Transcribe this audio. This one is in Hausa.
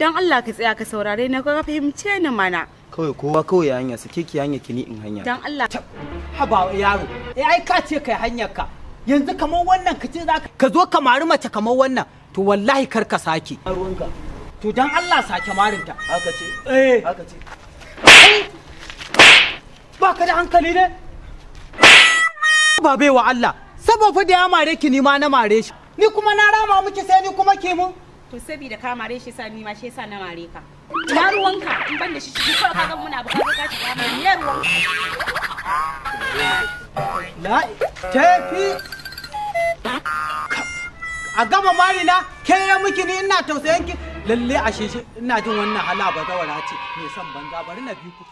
don Allah ka tsaya ka saurare na ka fahimce ni mana kawai kowa kawai ya hanya sake ki hanya ki ni in hanya don Allah haba yaro eh ai ka ce kai hanyar ka yanzu kamar wannan ka ce zaka ka zo ka mari mace kamar wannan to wallahi kar ka sake ruwanka to don Allah sake marinta haka ce eh haka ce ba ka da hankali ne ba Allah saboda da ya mare ki ni ma na mare shi ni kuma na rama miki sai ni kuma ke mun to sabida ka mare shi sa ni ma shi yasa na mare ka na ruwanka in ban da shi shi ka kaga muna bukatar ka shiga mai ne ruwanka la tafi a gama mari na ke ya miki ni ina tausayin ki lalle ashe ina jin wannan hala ba zawara ce me san banza bari na biyu ku